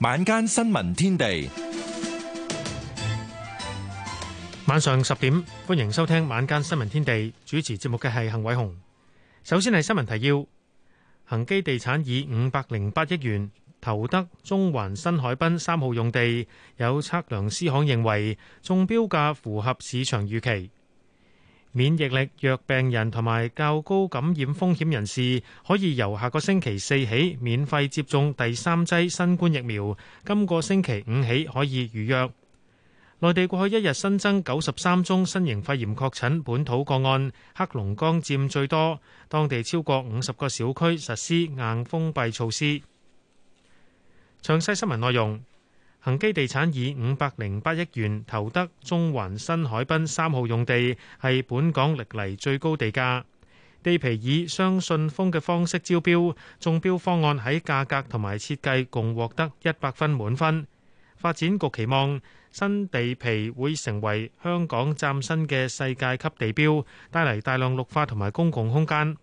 晚間新聞天地，晚上十點，歡迎收聽晚間新聞天地。主持節目嘅係幸偉雄。首先係新聞提要：恒基地產以五百零八億元投得中環新海濱三號用地，有測量師行認為，中標價符合市場預期。免疫力弱病人同埋較高感染風險人士可以由下個星期四起免費接種第三劑新冠疫苗。今個星期五起可以預約。內地過去一日新增九十三宗新型肺炎確診本土個案，黑龍江佔最多，當地超過五十個小區實施硬封閉措施。詳細新聞內容。恒基地產以五百零八億元投得中環新海濱三號用地，係本港歷嚟最高地價。地皮以雙信封嘅方式招標，中標方案喺價格同埋設計共獲得一百分滿分。發展局期望新地皮會成為香港嶄新嘅世界級地標，帶嚟大量綠化同埋公共空間。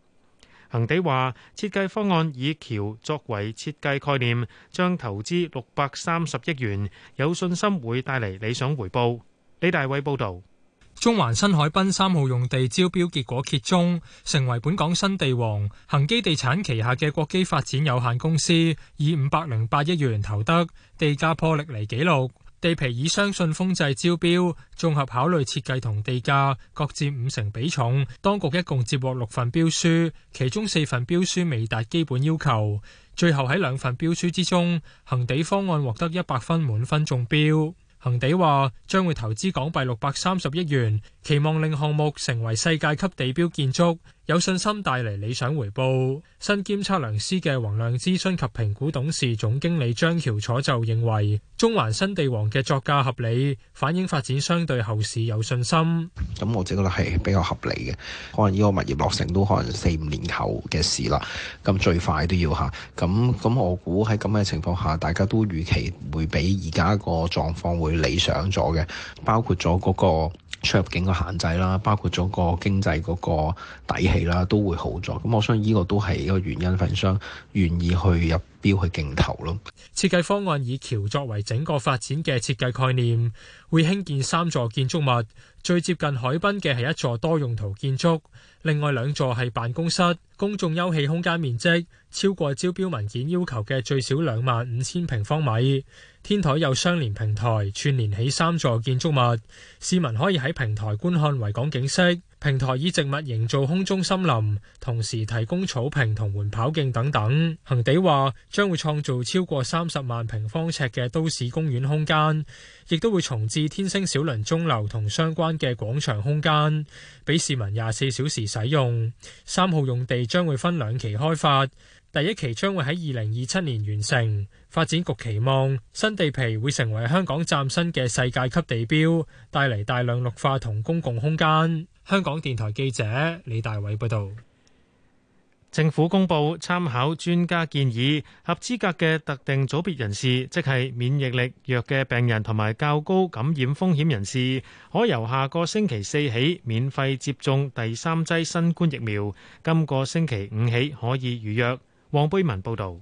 恒地話：設計方案以橋作為設計概念，將投資六百三十億元，有信心會帶嚟理想回報。李大偉報導。中環新海濱三號用地招標結果揭盅，成為本港新地王。恒基地產旗下嘅國基發展有限公司以五百零八億元投得，地價破歷來紀錄。地皮以雙信封制招標，綜合考慮設計同地價各佔五成比重。當局一共接獲六份標書，其中四份標書未達基本要求。最後喺兩份標書之中，恆地方案獲得一百分滿分中標。恒地話將會投資港幣六百三十億元，期望令項目成為世界級地標建築。有信心帶嚟理想回報。身兼測量師嘅宏亮諮詢及評估董事總經理張橋楚就認為，中環新地王嘅作價合理，反映發展商對後市有信心。咁我自己覺得係比較合理嘅，可能呢個物業落成都可能四五年後嘅事啦。咁最快都要嚇。咁咁我估喺咁嘅情況下，大家都預期會比而家個狀況會理想咗嘅，包括咗嗰個出入境嘅限制啦，包括咗個經濟嗰個底氣。啦，都會好咗。咁我相信呢個都係一個原因，份商願意去入標去競投咯。設計方案以橋作為整個發展嘅設計概念，會興建三座建築物。最接近海濱嘅係一座多用途建築，另外兩座係辦公室，公眾休憩空間面積超過招標文件要求嘅最少兩萬五千平方米。天台有相連平台，串連起三座建築物，市民可以喺平台觀看維港景色。平台以植物營造空中森林，同時提供草坪同緩跑徑等等。恒地話將會創造超過三十萬平方尺嘅都市公園空間，亦都會重置天星小輪鐘樓同相關嘅廣場空間，俾市民廿四小時使用。三號用地將會分兩期開發，第一期將會喺二零二七年完成。發展局期望新地皮會成為香港嶄新嘅世界級地標，帶嚟大量綠化同公共空間。香港電台記者李大偉報道，政府公布參考專家建議，合資格嘅特定組別人士，即係免疫力弱嘅病人同埋較高感染風險人士，可由下個星期四起免費接種第三劑新冠疫苗。今個星期五起可以預約。黃貝文報道。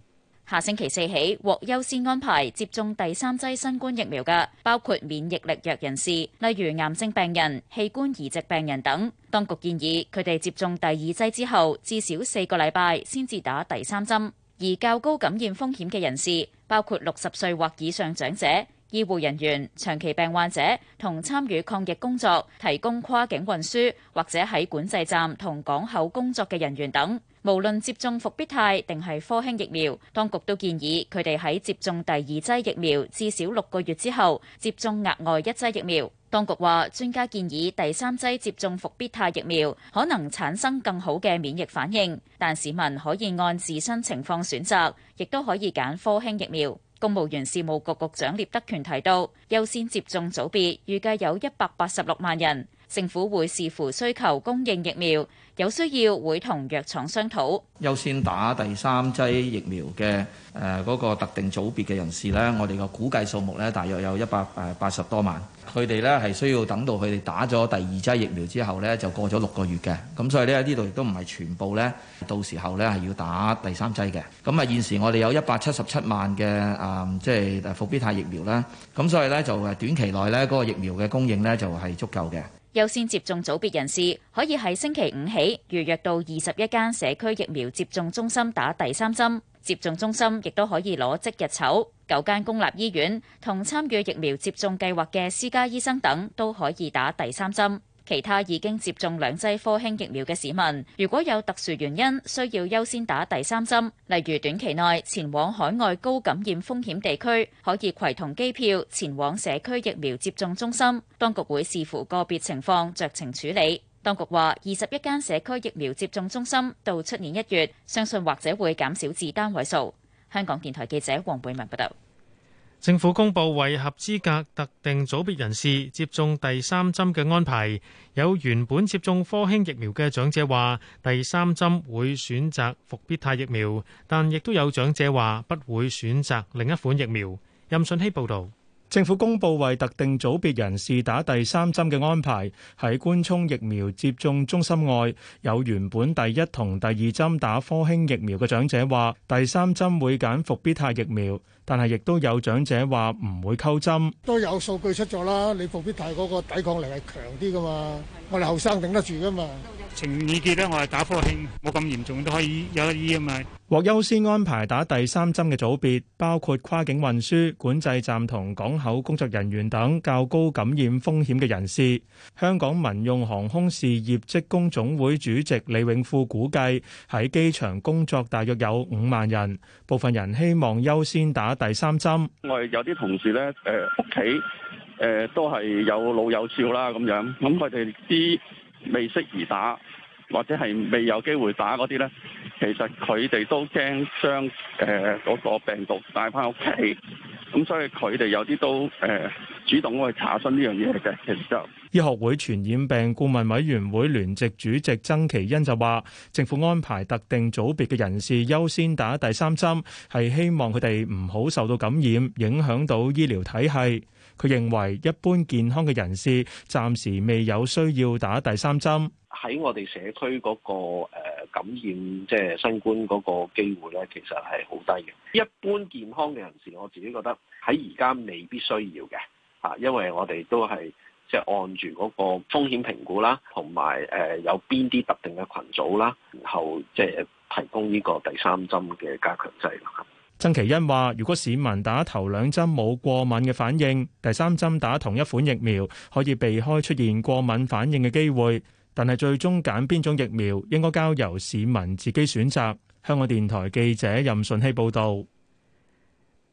下星期四起獲優先安排接種第三劑新冠疫苗嘅，包括免疫力弱人士，例如癌症病人、器官移植病人等。當局建議佢哋接種第二劑之後，至少四個禮拜先至打第三針。而較高感染風險嘅人士，包括六十歲或以上長者、醫護人員、長期病患者，同參與抗疫工作、提供跨境運輸，或者喺管制站同港口工作嘅人員等。無論接種復必泰定係科興疫苗，當局都建議佢哋喺接種第二劑疫苗至少六個月之後接種額外一劑疫苗。當局話，專家建議第三劑接種復必泰疫苗可能產生更好嘅免疫反應，但市民可以按自身情況選擇，亦都可以揀科興疫苗。公務員事務局局長聶德權提到，優先接種組別預計有一百八十六萬人。政府會視乎需求供應疫苗，有需要會同藥廠商討優先打第三劑疫苗嘅誒嗰個特定組別嘅人士呢，我哋嘅估計數目呢，大約有一百誒八十多萬。佢哋呢係需要等到佢哋打咗第二劑疫苗之後呢，就過咗六個月嘅。咁所以呢，呢度亦都唔係全部呢，到時候呢係要打第三劑嘅。咁啊，現時我哋有一百七十七萬嘅誒，即係復必泰疫苗啦。咁所以呢，就誒短期內呢個疫苗嘅供應呢，就係足夠嘅。優先接種組別人士可以喺星期五起預約約到二十一間社區疫苗接種中心打第三針，接種中心亦都可以攞即日籌，九間公立醫院同參與疫苗接種計劃嘅私家醫生等都可以打第三針。其他已經接種兩劑科興疫苗嘅市民，如果有特殊原因，需要優先打第三針，例如短期內，前往海外高感染風險地區，可以攜同機票前往社區疫苗接種中心。當局會視乎個別情況，酌情處理。當局話，二十一間社區疫苗接種中心到出年一月，相信或者會減少至單位數。香港電台記者黃貝文報道。政府公布為合資格特定組別人士接種第三針嘅安排，有原本接種科興疫苗嘅長者話，第三針會選擇復必泰疫苗，但亦都有長者話不會選擇另一款疫苗。任信希報導，政府公布為特定組別人士打第三針嘅安排，喺官涌疫苗接種中心外，有原本第一同第二針打科興疫苗嘅長者話，第三針會揀復必泰疫苗。但係亦都有長者話唔會抽針，都有數據出咗啦。你復必泰嗰個抵抗力係強啲噶嘛？我哋後生頂得住噶嘛？情意結咧，我係打科興，冇咁嚴重都可以有得醫啊嘛。獲優先安排打第三針嘅組別包括跨境運輸管制站同港口工作人員等較高感染風險嘅人士。香港民用航空事業職工總會主席李永富估計喺機場工作大約有五萬人，部分人希望優先打第三針，我哋有啲同事咧，誒屋企誒都係有老有少啦，咁樣，咁佢哋啲未適宜打。或者係未有機會打嗰啲咧，其實佢哋都驚將誒嗰個病毒帶翻屋企，咁所以佢哋有啲都誒主動去查詢呢樣嘢嘅。其實就醫學會傳染病顧問委員會聯席主席曾祈殷就話，政府安排特定組別嘅人士優先打第三針，係希望佢哋唔好受到感染，影響到醫療體系。佢認為一般健康嘅人士暫時未有需要打第三針。喺我哋社區嗰個誒感染，即係新冠嗰個機會咧，其實係好低嘅。一般健康嘅人士，我自己覺得喺而家未必需要嘅嚇，因為我哋都係即係按住嗰個風險評估啦，同埋誒有邊啲特定嘅群組啦，然後即係提供呢個第三針嘅加強劑。曾奇欣話，如果市民打頭兩針冇過敏嘅反應，第三針打同一款疫苗，可以避開出現過敏反應嘅機會。但係最終揀邊種疫苗，應該交由市民自己選擇。香港電台記者任順希報道，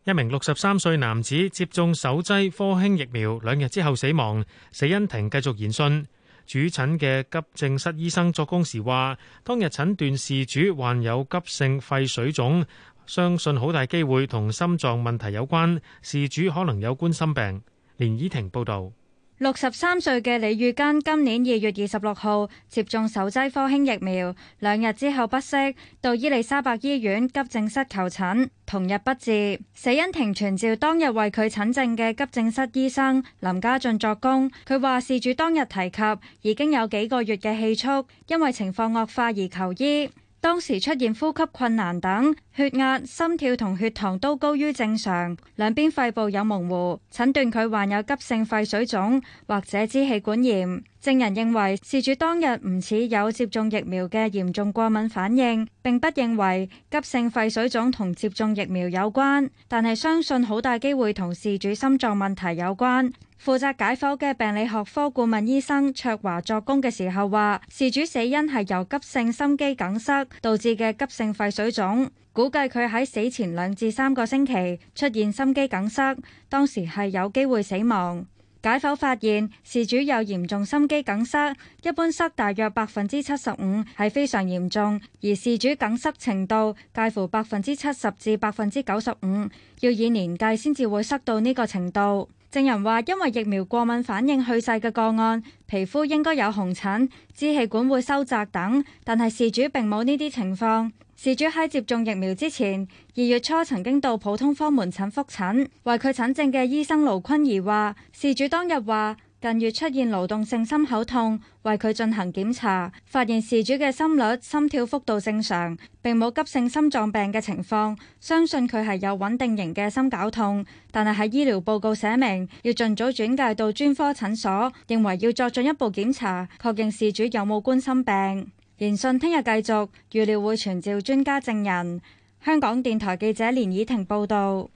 一名六十三歲男子接種首劑科興疫苗兩日之後死亡，死因庭繼續研訊。主診嘅急症室醫生作供時話，當日診斷事主患有急性肺水腫，相信好大機會同心臟問題有關，事主可能有冠心病。連綺婷報道。六十三歲嘅李宇根今年二月二十六號接種首劑科興疫苗，兩日之後不適，到伊利沙伯醫院急症室求診，同日不治。死因庭傳召當日為佢診症嘅急症室醫生林家俊作供，佢話事主當日提及已經有幾個月嘅氣促，因為情況惡化而求醫。當時出現呼吸困難等，血壓、心跳同血糖都高於正常，兩邊肺部有模糊，診斷佢患有急性肺水腫或者支氣管炎。證人認為事主當日唔似有接種疫苗嘅嚴重過敏反應，並不認為急性肺水腫同接種疫苗有關，但係相信好大機會同事主心臟問題有關。負責解剖嘅病理學科顧問醫生卓華作供嘅時候話，事主死因係由急性心肌梗塞導致嘅急性肺水腫。估計佢喺死前兩至三個星期出現心肌梗塞，當時係有機會死亡。解剖發現，事主有嚴重心肌梗塞，一般塞大約百分之七十五，係非常嚴重，而事主梗塞程度介乎百分之七十至百分之九十五，要以年計先至會塞到呢個程度。證人話，因為疫苗過敏反應去世嘅個案，皮膚應該有紅疹、支氣管會收窄等，但係事主並冇呢啲情況。事主喺接種疫苗之前，二月初曾經到普通科門診覆診，為佢診症嘅醫生盧坤儀話，事主當日話。近月出現勞動性心口痛，為佢進行檢查，發現事主嘅心率、心跳幅度正常，並冇急性心臟病嘅情況，相信佢係有穩定型嘅心絞痛。但係喺醫療報告寫明，要盡早轉介到專科診所，認為要作進一步檢查，確認事主有冇冠心病。言訊聽日繼續，預料會傳召專家證人。香港電台記者連以婷報道。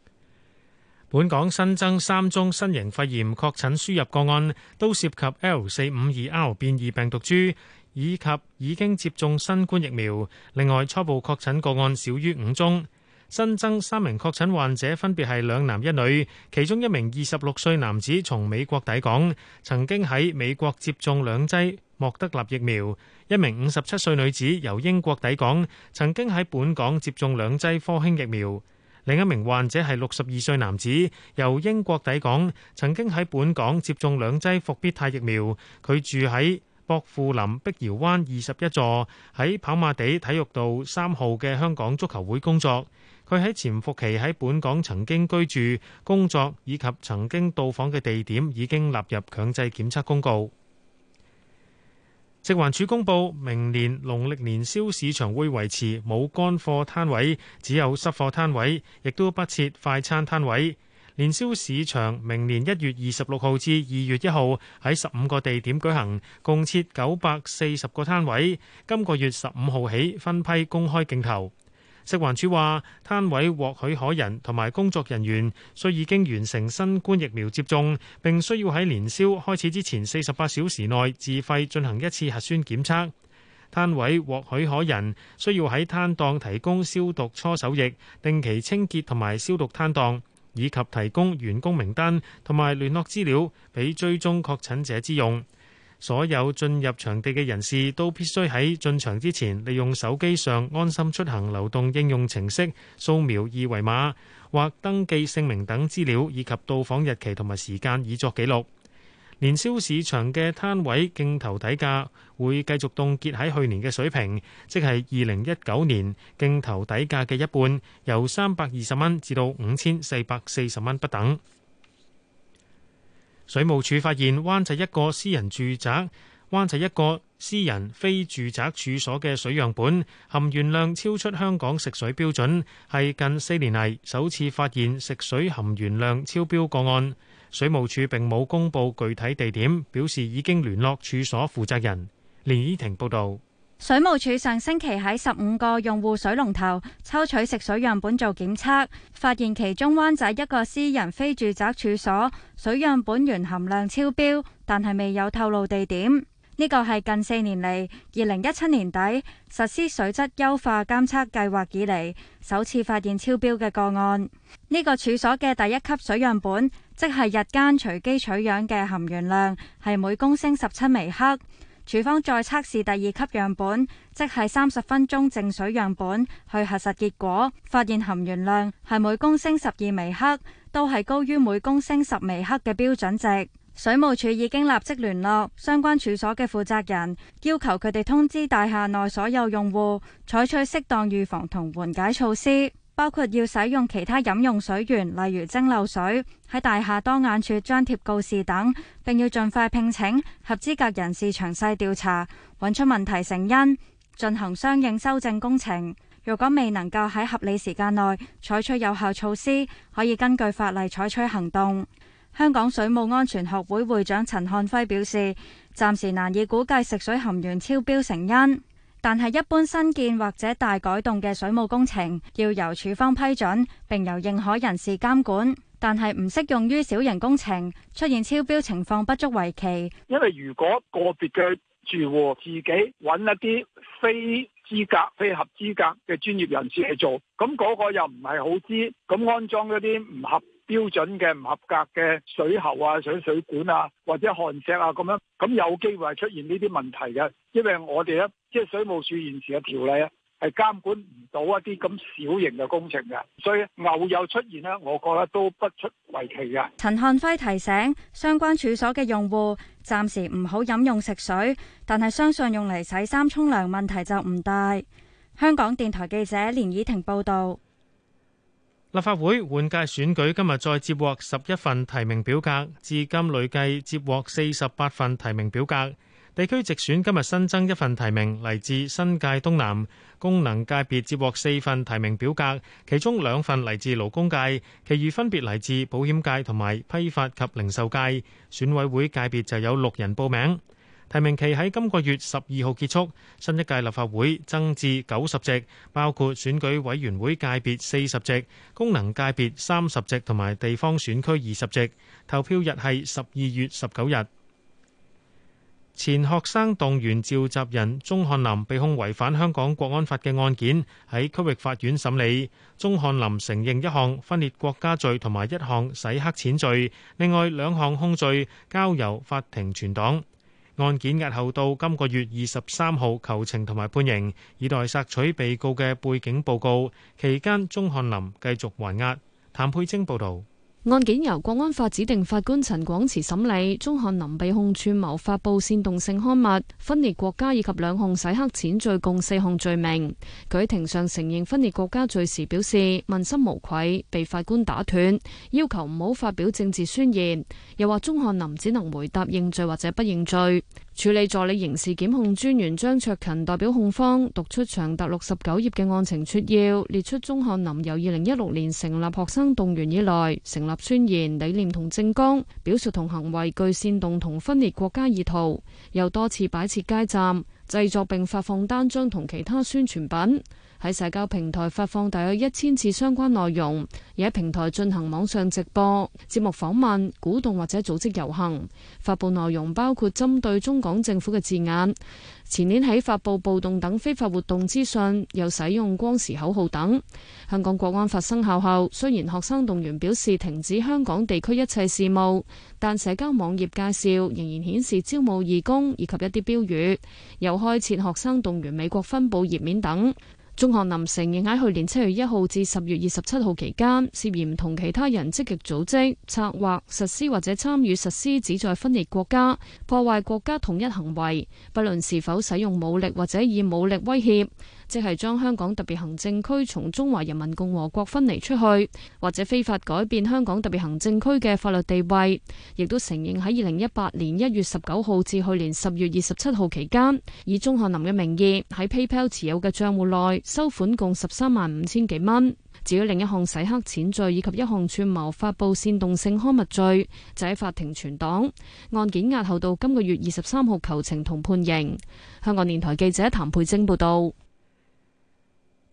本港新增三宗新型肺炎確診輸入個案，都涉及 L 四五二 R 變異病毒株，以及已經接種新冠疫苗。另外，初步確診個案少於五宗。新增三名確診患者分別係兩男一女，其中一名二十六歲男子從美國抵港，曾經喺美國接種兩劑莫德納疫苗；一名五十七歲女子由英國抵港，曾經喺本港接種兩劑科興疫苗。另一名患者係六十二歲男子，由英國抵港，曾經喺本港接種兩劑復必泰疫苗。佢住喺薄扶林碧瑤灣二十一座，喺跑馬地體育道三號嘅香港足球會工作。佢喺潛伏期喺本港曾經居住、工作以及曾經到訪嘅地點已經納入強制檢測公告。食環署公布，明年農曆年宵市場會維持冇乾貨攤位，只有濕貨攤位，亦都不設快餐攤位。年宵市場明年一月二十六號至二月一號喺十五個地點舉行，共設九百四十個攤位。今個月十五號起分批公開競投。食環署話，攤位獲許可人同埋工作人員需已經完成新冠疫苗接種，並需要喺年宵開始之前四十八小時內自費進行一次核酸檢測。攤位獲許可人需要喺攤檔提供消毒搓手液，定期清潔同埋消毒攤檔，以及提供員工名單同埋聯絡資料俾追蹤確診者之用。所有進入場地嘅人士都必須喺進場之前，利用手機上安心出行流動應用程式掃描二維碼或登記姓名等資料，以及到訪日期同埋時間以作記錄。年宵市場嘅攤位競投底價會繼續凍結喺去年嘅水平，即係二零一九年競投底價嘅一半，由三百二十蚊至到五千四百四十蚊不等。水務署發現灣仔一個私人住宅、灣仔一個私人非住宅處所嘅水樣本含鉛量超出香港食水標準，係近四年嚟，首次發現食水含鉛量超標個案。水務署並冇公布具體地點，表示已經聯絡處所負責人。連依婷報道。水務署上星期喺十五個用戶水龍頭抽取食水樣本做檢測，發現其中灣仔一個私人非住宅處所水樣本鉛含量超標，但係未有透露地點。呢個係近四年嚟，二零一七年底實施水質優化監測計劃以嚟首次發現超標嘅個案。呢、這個處所嘅第一級水樣本，即係日間隨機取樣嘅含鉛量係每公升十七微克。處方再測試第二級樣本，即係三十分鐘淨水樣本，去核實結果，發現含鉛量係每公升十二微克，都係高於每公升十微克嘅標準值。水務署已經立即聯絡相關處所嘅負責人，要求佢哋通知大廈內所有用戶，採取適當預防同緩解措施。包括要使用其他飲用水源，例如蒸餾水；喺大廈當眼處張貼告示等，並要盡快聘請合資格人士詳細調查，揾出問題成因，進行相應修正工程。若果未能夠喺合理時間內採取有效措施，可以根據法例採取行動。香港水務安全學會會長陳漢輝表示，暫時難以估計食水含鉛超標成因。但係一般新建或者大改動嘅水務工程要由署方批准，並由認可人士監管。但係唔適用於小型工程，出現超標情況不足為奇。因為如果個別嘅住戶自己揾一啲非資格、非合資格嘅專業人士去做，咁、那、嗰個又唔係好知，咁安裝一啲唔合標準嘅、唔合格嘅水喉啊、水水管啊或者焊石啊咁樣，咁有機會係出現呢啲問題嘅。因為我哋咧。即係水務署現時嘅條例係監管唔到一啲咁小型嘅工程嘅，所以偶有出現咧，我覺得都不出為奇嘅。陳漢輝提醒相關處所嘅用戶，暫時唔好飲用食水，但係相信用嚟洗衫沖涼問題就唔大。香港電台記者連以婷報道。立法會換屆選舉今日再接獲十一份提名表格，至今累計接獲四十八份提名表格。地區直選今日新增一份提名，嚟自新界東南，功能界別接獲四份提名表格，其中兩份嚟自勞工界，其餘分別嚟自保險界同埋批發及零售界。選委會界別就有六人報名，提名期喺今個月十二號結束。新一屆立法會增至九十席，包括選舉委員會界別四十席、功能界別三十席同埋地方選區二十席。投票日係十二月十九日。前學生動源召集人鍾翰林被控違反香港國安法嘅案件，喺區域法院審理。鍾翰林承認一項分裂國家罪同埋一項洗黑錢罪，另外兩項控罪交由法庭存檔。案件押後到今個月二十三號求情同埋判刑，以待索取被告嘅背景報告。期間鍾翰林繼續還押。譚佩晶報導。案件由國安法指定法官陳廣慈審理，鍾漢林被控串謀發布煽動性刊物、分裂國家以及兩項洗黑錢罪，共四項罪名。佢喺庭上承認分裂國家罪時表示，問心無愧。被法官打斷，要求唔好發表政治宣言，又話鍾漢林只能回答認罪或者不認罪。處理助理刑事檢控專員張卓勤代表控方讀出長達六十九頁嘅案情撮要，列出鍾翰林由二零一六年成立學生動源以來，成立宣言、理念同政綱、表述同行為具煽動同分裂國家意圖，又多次擺設街站。製作並發放單張同其他宣傳品，喺社交平台發放大約一千次相關內容，而喺平台進行網上直播、節目訪問、鼓動或者組織遊行。發布內容包括針對中港政府嘅字眼。前年喺發布暴動等非法活動資訊，又使用光時口號等。香港國安法生效後，雖然學生動員表示停止香港地區一切事務，但社交網頁介紹仍然顯示招募義工以及一啲標語，又開設學生動員美國分部頁面等。鍾翰林承認喺去年七月一號至十月二十七號期間，涉嫌同其他人積極組織、策劃、實施或者參與實施旨在分裂國家、破壞國家統一行為，不論是否使用武力或者以武力威脅。即係將香港特別行政區從中華人民共和國分離出去，或者非法改變香港特別行政區嘅法律地位，亦都承認喺二零一八年一月十九號至去年十月二十七號期間，以鍾漢林嘅名義喺 PayPal 持有嘅帳戶內收款共十三萬五千幾蚊。至於另一項洗黑錢罪以及一項串謀發布煽動性刊物罪，就喺法庭存檔，案件押後到今個月二十三號求情同判刑。香港電台記者譚佩晶報道。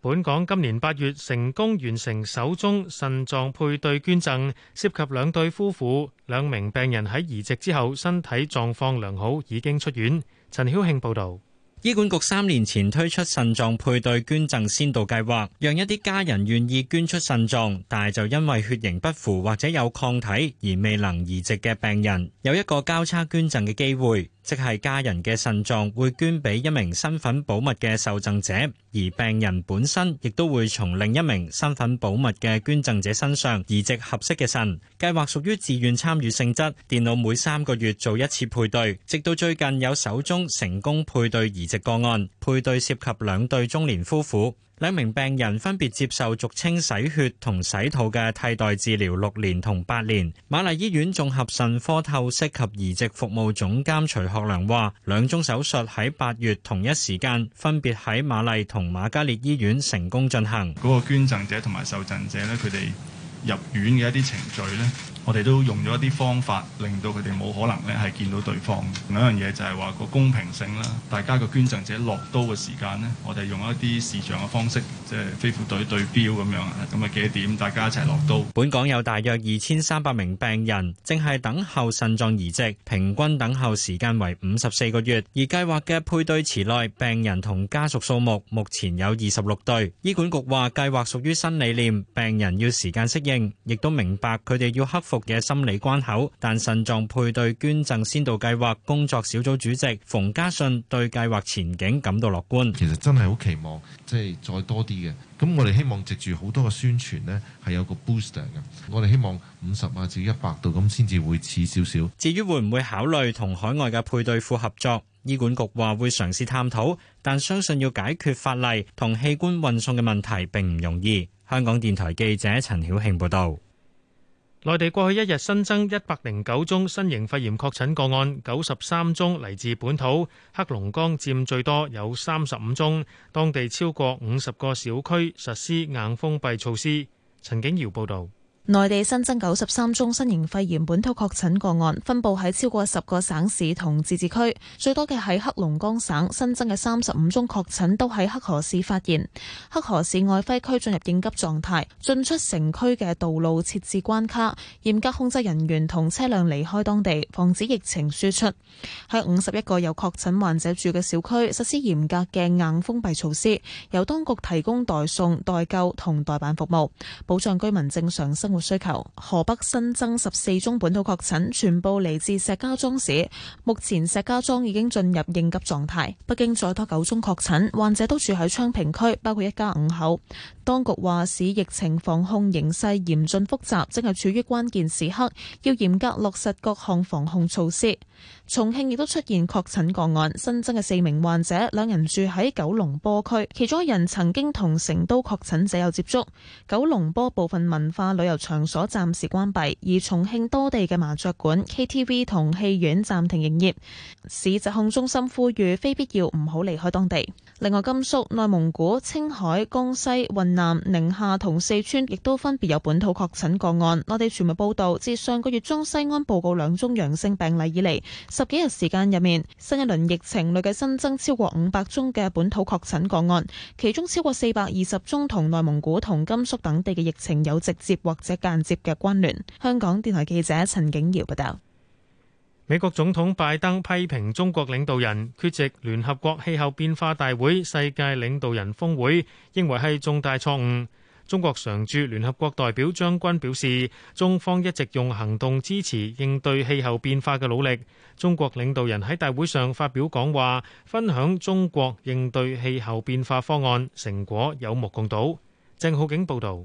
本港今年八月成功完成首宗腎臟配對捐贈，涉及兩對夫婦，兩名病人喺移植之後身體狀況良好，已經出院。陳曉慶報道。醫管局三年前推出腎臟配對捐贈先導計劃，讓一啲家人願意捐出腎臟，但係就因為血型不符或者有抗體而未能移植嘅病人，有一個交叉捐贈嘅機會。即係家人嘅腎臟會捐俾一名身份保密嘅受贈者，而病人本身亦都會從另一名身份保密嘅捐贈者身上移植合適嘅腎。計劃屬於自願參與性質，電腦每三個月做一次配對，直到最近有首宗成功配對移植個案，配對涉及兩對中年夫婦。兩名病人分別接受俗稱洗血同洗肚嘅替代治療六年同八年。瑪麗醫院綜合腎科透析及移植服務總監徐學良話：兩宗手術喺八月同一時間，分別喺瑪麗同瑪嘉烈醫院成功進行。嗰個捐贈者同埋受贈者咧，佢哋入院嘅一啲程序咧。我哋都用咗一啲方法，令到佢哋冇可能咧係見到對方。另一樣嘢就係話個公平性啦，大家個捐贈者落刀嘅時間咧，我哋用一啲視像嘅方式，即係飛虎隊對標咁樣啊，咁啊幾點，大家一齊落刀。本港有大約二千三百名病人正係等候腎臟移植，平均等候時間為五十四個月。而計劃嘅配對池內病人同家屬數目目前有二十六對。醫管局話計劃屬於新理念，病人要時間適應，亦都明白佢哋要克服嘅心理關口，但腎臟配對捐贈先導計劃工作小組主席馮家信對計劃前景感到樂觀。其實真係好期望，即係再多啲嘅。咁我哋希望藉住好多嘅宣傳呢係有個 booster 嘅。我哋希望五十啊至一百度咁先至會似少少。至於會唔會考慮同海外嘅配對庫合作？醫管局話會嘗試探討，但相信要解決法例同器官運送嘅問題並唔容易。香港電台記者陳曉慶報導。內地過去一日新增一百零九宗新型肺炎確診個案，九十三宗嚟自本土，黑龍江佔最多，有三十五宗。當地超過五十個小區實施硬封閉措施。陳景瑤報道。內地新增九十三宗新型肺炎本土確診個案，分布喺超過十個省市同自治區，最多嘅喺黑龍江省，新增嘅三十五宗確診都喺黑河市發現。黑河市愛輝區進入應急狀態，進出城區嘅道路設置關卡，嚴格控制人員同車輛離開當地，防止疫情輸出。喺五十一個有確診患者住嘅小區實施嚴格嘅硬封閉措施，由當局提供代送、代購同代辦服務，保障居民正常生活需求。河北新增十四宗本土確診，全部嚟自石家莊市。目前石家莊已經進入應急狀態，北京再多九宗確診，患者都住喺昌平區，包括一家五口。當局話，市疫情防控形勢嚴峻複雜，正係處於關鍵時刻，要嚴格落實各項防控措施。重慶亦都出現確診個案，新增嘅四名患者，兩人住喺九龍坡區，其中一人曾經同成都確診者有接觸。九龍坡部分文化旅遊場所暫時關閉，而重慶多地嘅麻雀館、KTV 同戲院暫停營業。市疾控中心呼籲非必要唔好離開當地。另外，甘肅、內蒙古、青海、江西、雲南、寧夏同四川亦都分別有本土確診個案。內地傳媒報道，自上個月中西安報告兩宗陽性病例以嚟。十幾日時間入面，新一輪疫情累計新增超過五百宗嘅本土確診個案，其中超過四百二十宗同內蒙古同甘肅等地嘅疫情有直接或者間接嘅關聯。香港電台記者陳景堯報道。美國總統拜登批評中國領導人缺席聯合國氣候變化大會、世界領導人峰會，認為係重大錯誤。中國常駐聯合國代表張軍表示，中方一直用行動支持應對氣候變化嘅努力。中國領導人喺大會上發表講話，分享中國應對氣候變化方案成果，有目共睹。鄭浩景報道。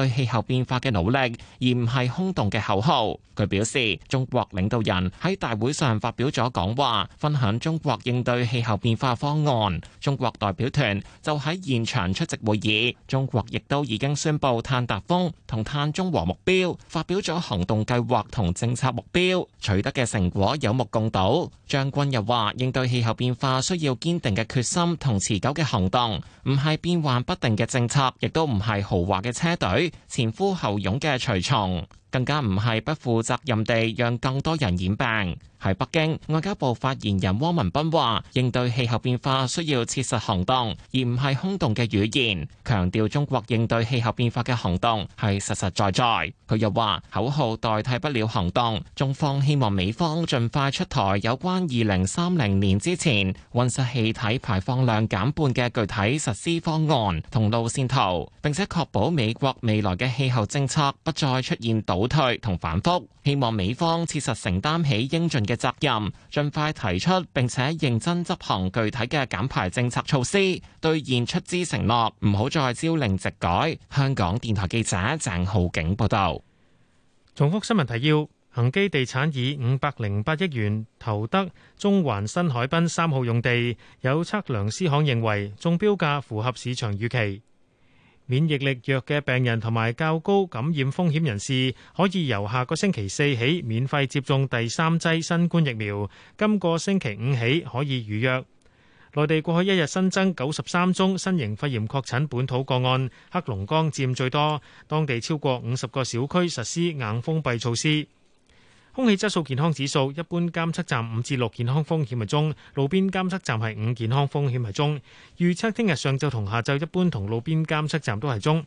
對氣候變化嘅努力，而唔係空洞嘅口號。佢表示，中國領導人喺大會上發表咗講話，分享中國應對氣候變化方案。中國代表團就喺現場出席會議。中國亦都已經宣布碳達峰同碳中和目標，發表咗行動計劃同政策目標，取得嘅成果有目共睹。張軍又話，應對氣候變化需要堅定嘅決心同持久嘅行動，唔係變幻不定嘅政策，亦都唔係豪華嘅車隊，前呼後擁嘅隨從，更加唔係不負責任地讓更多人染病。喺北京，外交部發言人汪文斌話，應對氣候變化需要切實行動，而唔係空洞嘅語言。強調中國應對氣候變化嘅行動係實實在在，在。佢又話，口號代替不了行動，中方希望美方盡快出台有關二零三零年之前温室氣體排放量減半嘅具體實施方案同路線圖，並且確保美國未來嘅氣候政策不再出現倒倒退同反覆，希望美方切實承擔起應盡嘅責任，盡快提出並且認真執行具體嘅減排政策措施，兌現出資承諾，唔好再朝令夕改。香港電台記者鄭浩景報道。重複新聞提要：恒基地產以五百零八億元投得中環新海濱三號用地，有測量師行認為中標價符合市場預期。免疫力弱嘅病人同埋較高感染風險人士，可以由下個星期四起免費接種第三劑新冠疫苗，今個星期五起可以預約。內地過去一日新增九十三宗新型肺炎確診本土個案，黑龍江佔最多。當地超過五十個小區實施硬封閉措施。空氣質素健康指數，一般監測站五至六健康風險係中，路邊監測站係五健康風險係中。預測聽日上晝同下晝一般同路邊監測站都係中。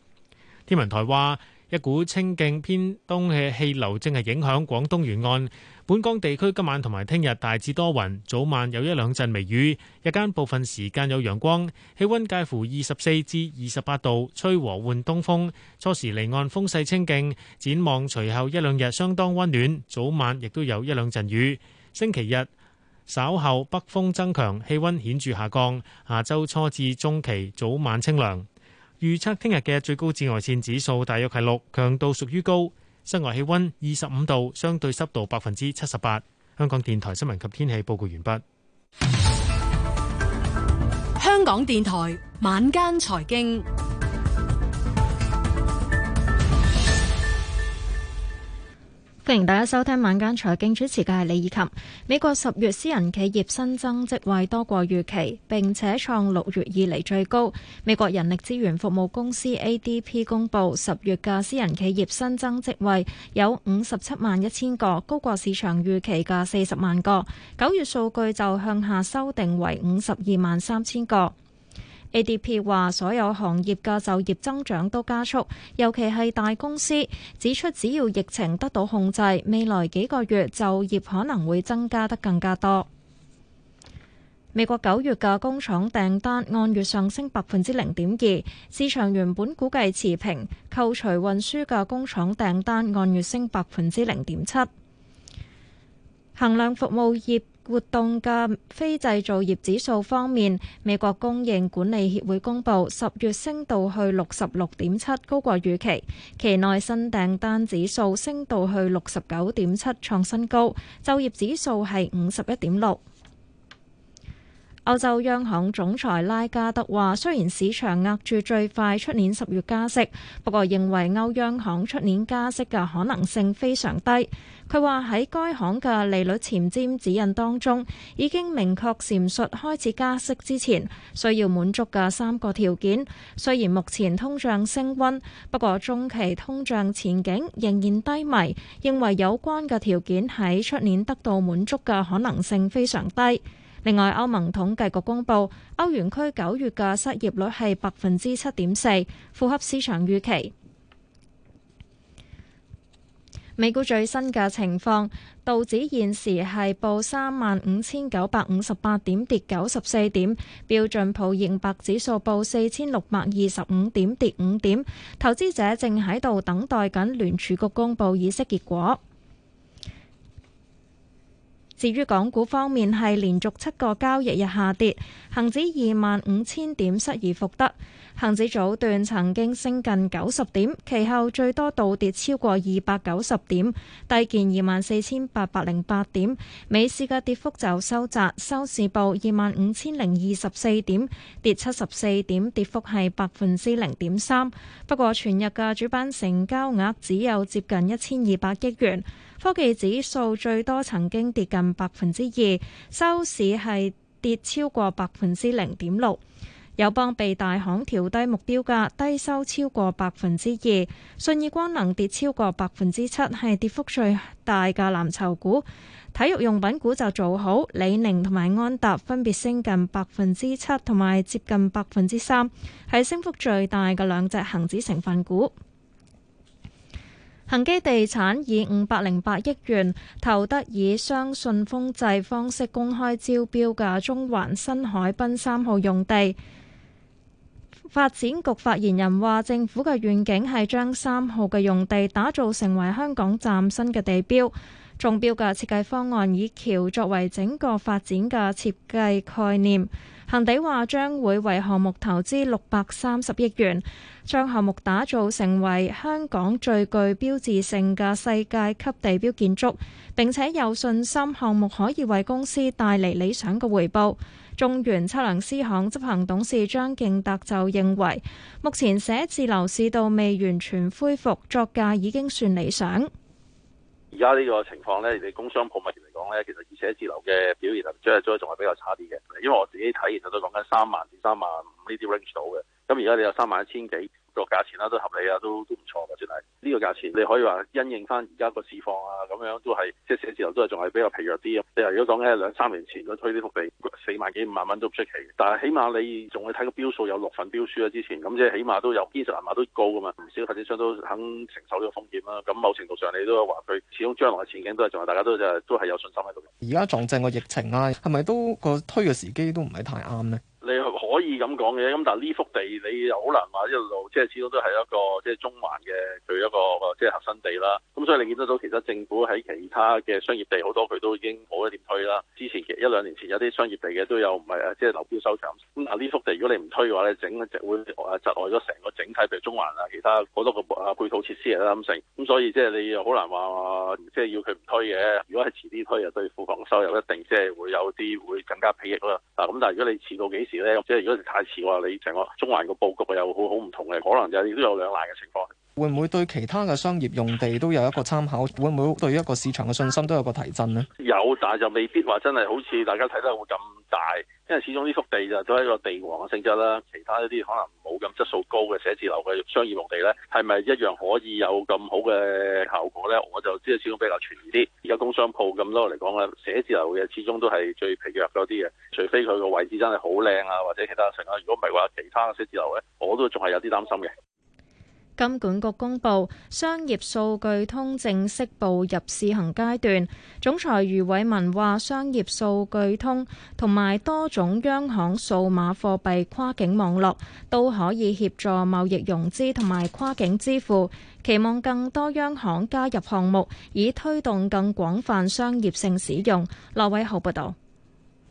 天文台話。一股清勁偏東嘅氣流正係影響廣東沿岸，本港地區今晚同埋聽日大致多雲，早晚有一兩陣微雨，日間部分時間有陽光，氣溫介乎二十四至二十八度，吹和緩東風，初時離岸風勢清勁，展望隨後一兩日相當溫暖，早晚亦都有一兩陣雨。星期日稍後北風增強，氣溫顯著下降。下周初至中期早晚清涼。預測聽日嘅最高紫外線指數大約係六，強度屬於高。室外氣温二十五度，相對濕度百分之七十八。香港電台新聞及天氣報告完畢。香港電台晚間財經。歡迎大家收聽晚間財經，主持嘅係李以琴。美國十月私人企業新增職位多過預期，並且創六月以嚟最高。美國人力資源服務公司 ADP 公布十月嘅私人企業新增職位有五十七萬一千個，高過市場預期嘅四十萬個。九月數據就向下修訂為五十二萬三千個。ADP 話所有行業嘅就業增長都加速，尤其係大公司指出，只要疫情得到控制，未來幾個月就業可能會增加得更加多。美國九月嘅工廠訂單按月上升百分之零點二，市場原本估計持平。扣除運輸嘅工廠訂單按月升百分之零點七。衡量服務業活動嘅非製造業指數方面，美國供應管理協會公布十月升到去六十六點七，高過預期。期內新訂單指數升到去六十九點七，創新高。就業指數係五十一點六。歐洲央行總裁拉加德話：雖然市場押注，最快出年十月加息，不過認為歐央行出年加息嘅可能性非常低。佢話喺該行嘅利率前瞻指引當中，已經明確闡述開始加息之前需要滿足嘅三個條件。雖然目前通脹升溫，不過中期通脹前景仍然低迷，認為有關嘅條件喺出年得到滿足嘅可能性非常低。另外，歐盟統計局公布，歐元區九月嘅失業率係百分之七點四，符合市場預期。美股最新嘅情況，道指現時係報三萬五千九百五十八點，跌九十四點；標準普爾五百指數報四千六百二十五點，跌五點。投資者正喺度等待緊聯儲局公佈議息結果。至於港股方面，係連續七個交易日下跌，恒指二萬五千點失而復得。恒指早段曾經升近九十點，其後最多倒跌超過二百九十點，低見二萬四千八百零八點。美市嘅跌幅就收窄，收市報二萬五千零二十四點，跌七十四點，跌幅係百分之零點三。不過，全日嘅主板成交額只有接近一千二百億元。科技指數最多曾經跌近百分之二，收市係跌超過百分之零點六。友邦被大行調低目標價，低收超過百分之二。信義光能跌超過百分之七，係跌幅最大嘅藍籌股。體育用品股就做好，李寧同埋安踏分別升近百分之七同埋接近百分之三，係升幅最大嘅兩隻恒指成分股。恒基地產以五百零八億元投得以雙信封制方式公開招標嘅中環新海濱三號用地。發展局發言人話，政府嘅願景係將三號嘅用地打造成為香港嶄新嘅地標。中標嘅設計方案以橋作為整個發展嘅設計概念。恒地話將會為項目投資六百三十億元，將項目打造成為香港最具標誌性嘅世界級地標建築。並且有信心項目可以為公司帶嚟理想嘅回報。中原測量師行執行董事張敬達就認為，目前寫字樓市道未完全恢復，作價已經算理想。而家呢個情況咧，你工商鋪物業嚟講咧，其實二手寫字樓嘅表現啊，最近仲係比較差啲嘅，因為我自己睇，其實都講緊三萬至三萬五呢啲 range 到嘅，咁而家你有三萬一千幾。個價錢啦，都合理啊，都都唔錯嘅，算係呢、這個價錢，你可以話因應翻而家個市況啊，咁樣都係即係寫字樓都係仲係比較疲弱啲。你話如果講緊兩三年前都推呢幅地四萬幾五萬蚊都唔出奇，但係起碼你仲會睇個標數有六份標書啊，之前咁即係起碼都有堅實銀碼都高噶嘛，唔少發展商都肯承受呢個風險啦。咁某程度上你都話佢始終將來嘅前景都係仲係大家都就係、是、都係有信心喺度。而家撞正個疫情啊，係咪都個推嘅時機都唔係太啱呢？你可以咁講嘅，咁但係呢幅地你又好難話一路，即係始終都係一個即係中環嘅佢一個即係核心地啦。咁所以你見得到，其實政府喺其他嘅商業地好多，佢都已經冇得點推啦。之前嘅一兩年前有啲商業地嘅都有唔係啊，即係流標收場。咁啊呢幅地如果你唔推嘅話咧，你整就會窒礙咗成個整體，譬如中環啊，其他好多個啊配套設施啦咁剩。咁所以即係你又好難話即係要佢唔推嘅。如果係遲啲推，又對庫房嘅收入一定即係會有啲會更加裨益啦。啊咁，但係如果你遲到幾時？咧，即係如果太遲嘅話，你整個中環個佈局又好好唔同嘅，可能就亦都有兩難嘅情況。會唔會對其他嘅商業用地都有一個參考？會唔會對一個市場嘅信心都有個提振呢？有，但係就未必話真係好似大家睇得會咁大。因為始終呢幅地就都係一個地王嘅性質啦，其他一啲可能冇咁質素高嘅寫字樓嘅商業用地咧，係咪一樣可以有咁好嘅效果咧？我就知道始終比較全啲。而家工商鋪咁多嚟講啊，寫字樓嘅始終都係最疲弱嗰啲嘅，除非佢個位置真係好靚啊，或者其他城啊。如果唔係嘅話，其他嘅寫字樓咧，我都仲係有啲擔心嘅。金管局公佈商業數據通正式步入試行階段。總裁余偉文話商業數據通同埋多種央行數碼貨幣跨境網絡都可以協助貿易融資同埋跨境支付，期望更多央行加入項目，以推動更廣泛商業性使用。劉偉豪報道。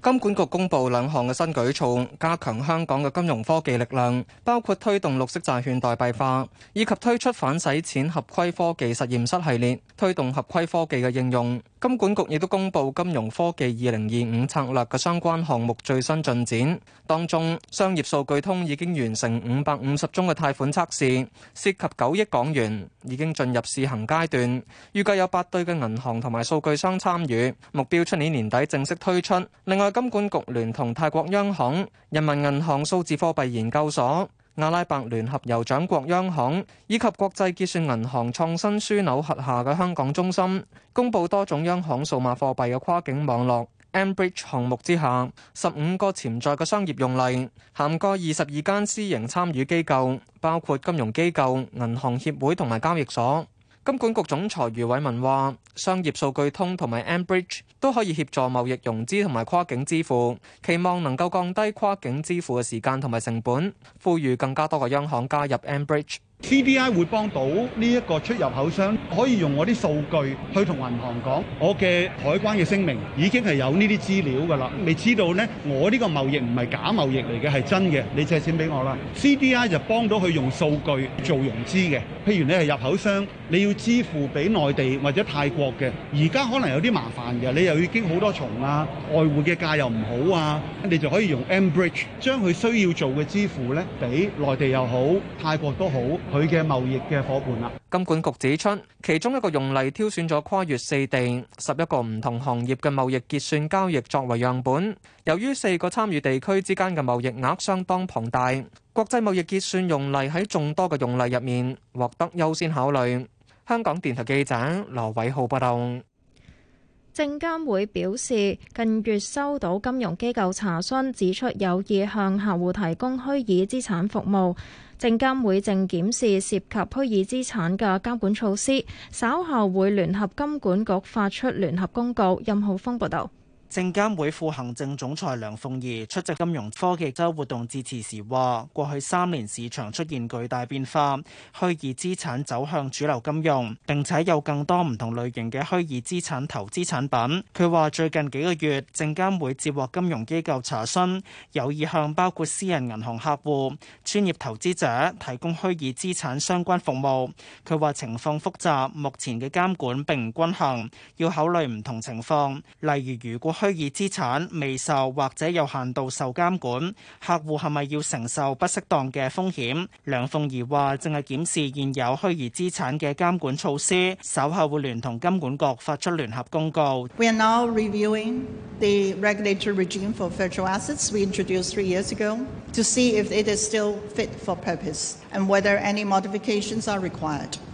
金管局公布兩項嘅新舉措，加強香港嘅金融科技力量，包括推動綠色債券代幣化，以及推出反洗錢合規科技實驗室系列，推動合規科技嘅應用。金管局亦都公布金融科技二零二五策略嘅相關項目最新進展，當中商業數據通已經完成五百五十宗嘅貸款測試，涉及九億港元，已經進入試行階段，預計有八對嘅銀行同埋數據商參與，目標出年年底正式推出。另外，金管局聯同泰國央行、人民銀行數字貨幣研究所、阿拉伯聯合酋長國央行以及國際結算銀行創新樞紐核下嘅香港中心，公布多種央行數碼貨幣嘅跨境網絡 m Bridge） 項目之下，十五個潛在嘅商業用例，涵蓋二十二間私營參與機構，包括金融機構、銀行協會同埋交易所。金管局總裁余偉文話，商業數據通同埋 mBridge 都可以協助貿易融資同埋跨境支付，期望能夠降低跨境支付嘅時間同埋成本，呼籲更加多個央行加入 mBridge。CDI 會幫到呢一個出入口商，可以用我啲數據去同銀行講，我嘅海關嘅聲明已經係有呢啲資料㗎啦。你知道呢，我呢個貿易唔係假貿易嚟嘅，係真嘅。你借錢俾我啦。CDI 就幫到佢用數據做融資嘅。譬如你係入口商，你要支付俾內地或者泰國嘅，而家可能有啲麻煩嘅，你又要經好多重啊，外匯嘅價又唔好啊，你就可以用 mBridge 將佢需要做嘅支付呢，俾內地又好，泰國都好。佢嘅貿易嘅伙伴啦。金管局指出，其中一個用例挑選咗跨越四地十一個唔同行業嘅貿易結算交易作為樣本。由於四個參與地區之間嘅貿易額相當龐大，國際貿易結算用例喺眾多嘅用例入面獲得優先考慮。香港電台記者羅偉浩報道。證監會表示，近月收到金融機構查詢，指出有意向客戶提供虛擬資產服務。證監會正檢視涉及虛擬資產嘅監管措施，稍後會聯合金管局發出聯合公告。任浩峰報導。證監會副行政總裁梁鳳儀出席金融科技周活動致辭時話：過去三年市場出現巨大變化，虛擬資產走向主流金融，並且有更多唔同類型嘅虛擬資產投資產品。佢話最近幾個月，證監會接獲金融機構查詢，有意向包括私人銀行客戶、專業投資者提供虛擬資產相關服務。佢話情況複雜，目前嘅監管並唔均衡，要考慮唔同情況，例如如果虛擬資產未受或者有限度受監管，客戶係咪要承受不適當嘅風險？梁鳳儀話：正係檢視現有虛擬資產嘅監管措施，稍後會聯同金管局發出聯合公告。We are now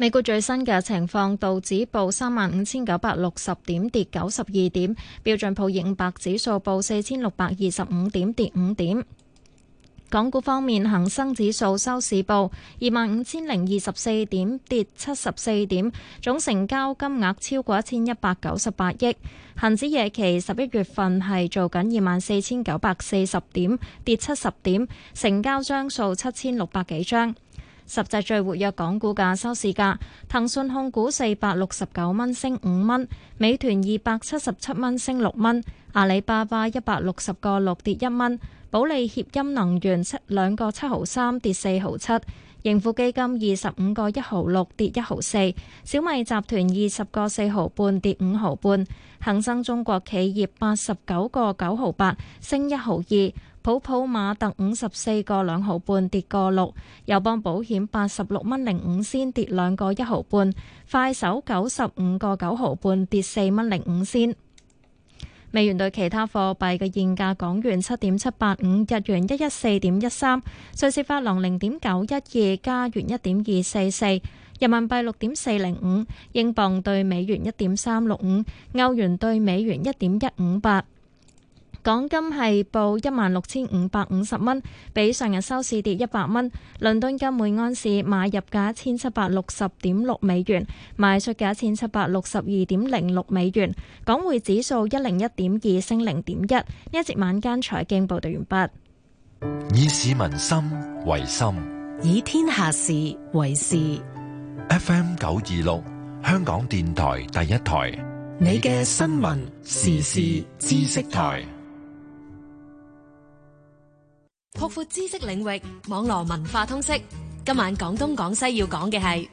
美股最新嘅情況，道指報三萬五千九百六十點，跌九十二點；標準普爾五百指數報四千六百二十五點，跌五點。港股方面，恒生指數收市報二萬五千零二十四點，跌七十四點，總成交金額超過一千一百九十八億。恒指夜期十一月份係做緊二萬四千九百四十點，跌七十點，成交張數七千六百幾張。十隻最活躍港股價收市價，騰訊控股四百六十九蚊升五蚊，美團二百七十七蚊升六蚊，阿里巴巴一百六十個六跌一蚊，保利協鑫能源七兩個七毫三跌四毫七，盈富基金二十五個一毫六跌一毫四，小米集團二十個四毫半跌五毫半，恒生中國企業八十九個九毫八升一毫二。普普馬特五十四個兩毫半跌個六，友邦保險八十六蚊零五仙跌兩個一毫半，快手九十五個九毫半跌四蚊零五仙。美元兌其他貨幣嘅現價：港元七點七八五，日元一一四點一三，瑞士法郎零點九一二，加元一點二四四，人民幣六點四零五，英鎊兌美元一點三六五，歐元兌美元一點一五八。港金係報一萬六千五百五十蚊，比上日收市跌一百蚊。倫敦金每安士買入價一千七百六十點六美元，賣出價一千七百六十二點零六美元。港匯指數一零一點二升零點一。呢一節晚間財經報道完畢。以市民心為心，以天下事為下事為。F M 九二六，香港電台第一台，你嘅新聞,新聞時事知識台。擴闊知識領域，網絡文化通識。今晚廣東廣西要講嘅係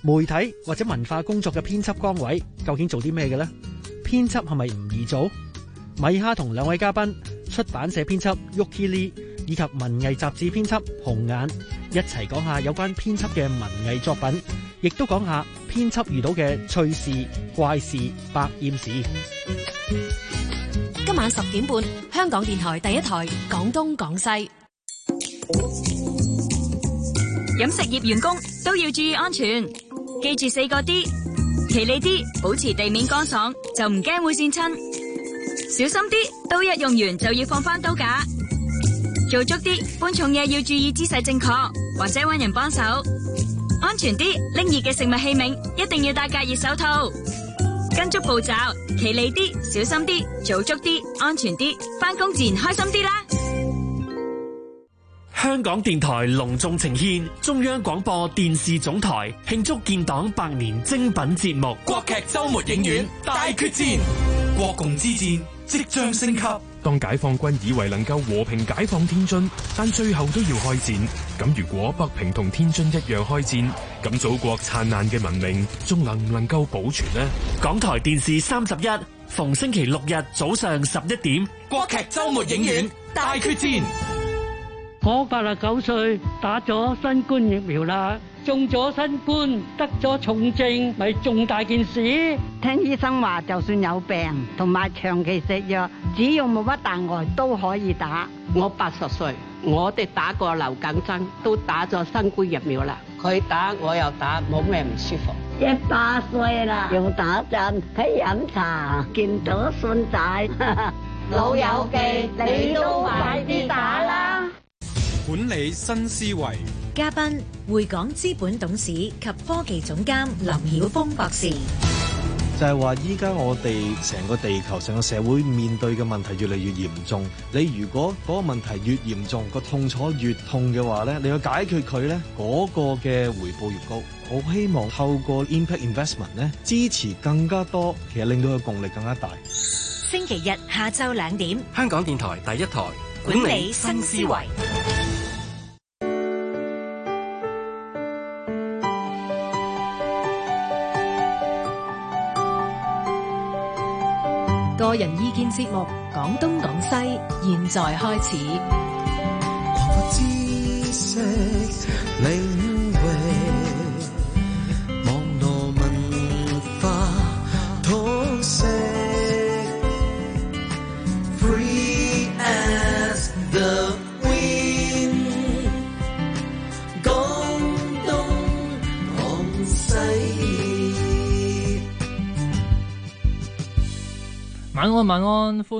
媒體或者文化工作嘅編輯崗位，究竟做啲咩嘅呢？編輯係咪唔易做？米哈同兩位嘉賓，出版社編輯 Yuki Lee 以及文藝雜誌編輯紅眼，一齊講下有關編輯嘅文藝作品，亦都講下編輯遇到嘅趣事、怪事、百厭事。今晚十點半，香港電台第一台《廣東廣西》。飲食業員工都要注意安全，記住四個 D：企理啲，保持地面乾爽，就唔驚會跣親；小心啲，刀一用完就要放翻刀架；做足啲，搬重嘢，要注意姿勢正確，或者揾人幫手；安全啲，拎熱嘅食物器皿一定要戴隔熱手套。跟足步驟，企理啲，小心啲，做足啲，安全啲，翻工自然開心啲啦！香港電台隆重呈獻中央廣播電視總台慶祝建黨百年精品節目《國劇週末影院大決戰》，國共之戰即將升級。當解放軍以為能夠和平解放天津，但最後都要開戰。咁如果北平同天津一樣開戰，咁祖國燦爛嘅文明仲能唔能夠保存呢？港台電視三十一，逢星期六日早上十一點，國劇周末影院大決戰。我八十九歲打咗新冠疫苗啦，中咗新冠得咗重症咪重大件事。聽醫生話，就算有病同埋長期食藥，只要冇乜大礙都可以打。我八十歲，我哋打過流感針，都打咗新冠疫苗啦。佢打我又打，冇咩唔舒服。一百歲啦，用打針，去飲茶，見到信仔，老友記，你都快啲打啦。管理新思維，嘉賓匯港資本董事及科技總監林曉峰博士。就係話，依家我哋成個地球、成個社會面對嘅問題越嚟越嚴重。你如果嗰個問題越嚴重，嗰個痛楚越痛嘅話咧，你要解決佢咧，嗰個嘅回報越高。我希望透過 impact investment 咧，支持更加多，其實令到佢共力更加大。星期日下晝兩點，香港電台第一台管理新思維。個人意見節目《講東講西》，現在開始。 晚安，晚安，歡。